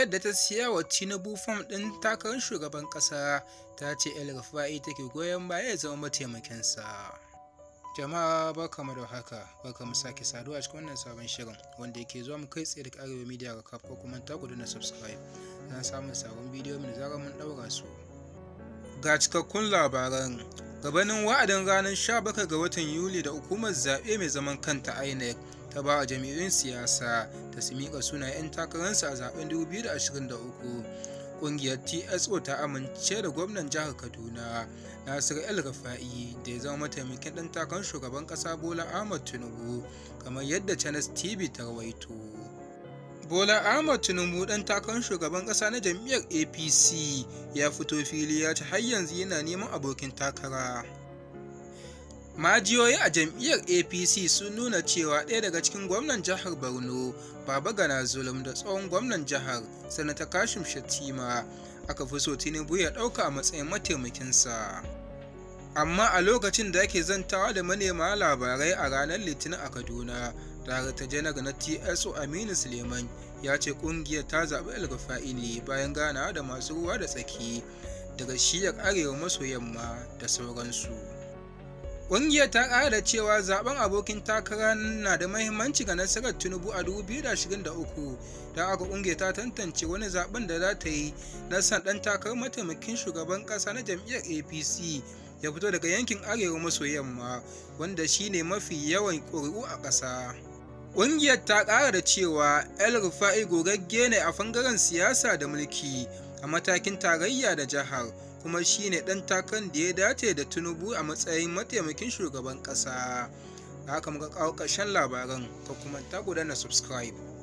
Jam'iyyar da ta siya wa Tinubu fom din takarar shugaban kasa ta ce El Rufai take goyon baya ya zama mataimakinsa. Jama'a barkamu da haka, mu sake saduwa a cikin wannan sabon shirin wanda yake zuwa mu kai tsaye daga Arewa Media ga kafa kuma ta gudu na subscribe don samun sabon bidiyo mai zarar mun daura su. Ga cikakkun labaran gabanin wa'adin ranar 17 ga watan Yuli da hukumar zaɓe mai zaman kanta INEC ta ba a jami'in siyasa ta su miƙa suna 'yan takararsu a zaben 2023 ƙungiyar tso ta amince da gwamnan jihar kaduna nasir el rafa'i da ya zama mataimakin ɗan takarar shugaban ƙasa bola ahmad tinubu kamar yadda channels tv ta rawaito Bola Ahmad Tinubu ɗan takarar shugaban ƙasa na jam'iyyar APC ya fito fili ya ci har yanzu yana neman abokin takara. majiyoyi a jam'iyyar apc sun nuna cewa ɗaya daga cikin gwamnan jihar borno baba gana zulum da tsohon gwamnan jihar sanata kashim shattima aka fi so tinubu ya ɗauka a matsayin mataimakinsa amma a lokacin da ake zantawa da manema labarai a ranar litinin a kaduna ta janar na tso aminu suleiman ya ce kungiyar ta zaɓi alfafa'i ne bayan ganawa da masu ruwa da tsaki daga shiyar arewa maso yamma da sauransu Ƙungiyar ta ƙara cewa zaben abokin takara na da mahimmanci ga nasarar Tinubu a 2023, da aka ƙungiyar ta tantance wani zaben da za ta yi na san ɗan takarar mataimakin shugaban ƙasa na jam'iyyar APC ya fito daga yankin arewa maso yamma, wanda shine mafi yawan ƙuri'u a ƙasa. Ƙungiyar ta ƙara da cewa El Rufa'i gogagge ne a fangaren siyasa da mulki a matakin tarayya da jihar. kuma ne ɗan takan da ya dace da Tinubu a matsayin mataimakin shugaban ƙasa. haka muka kawo ƙarshen labaran ka kuma ta gudana subscribe.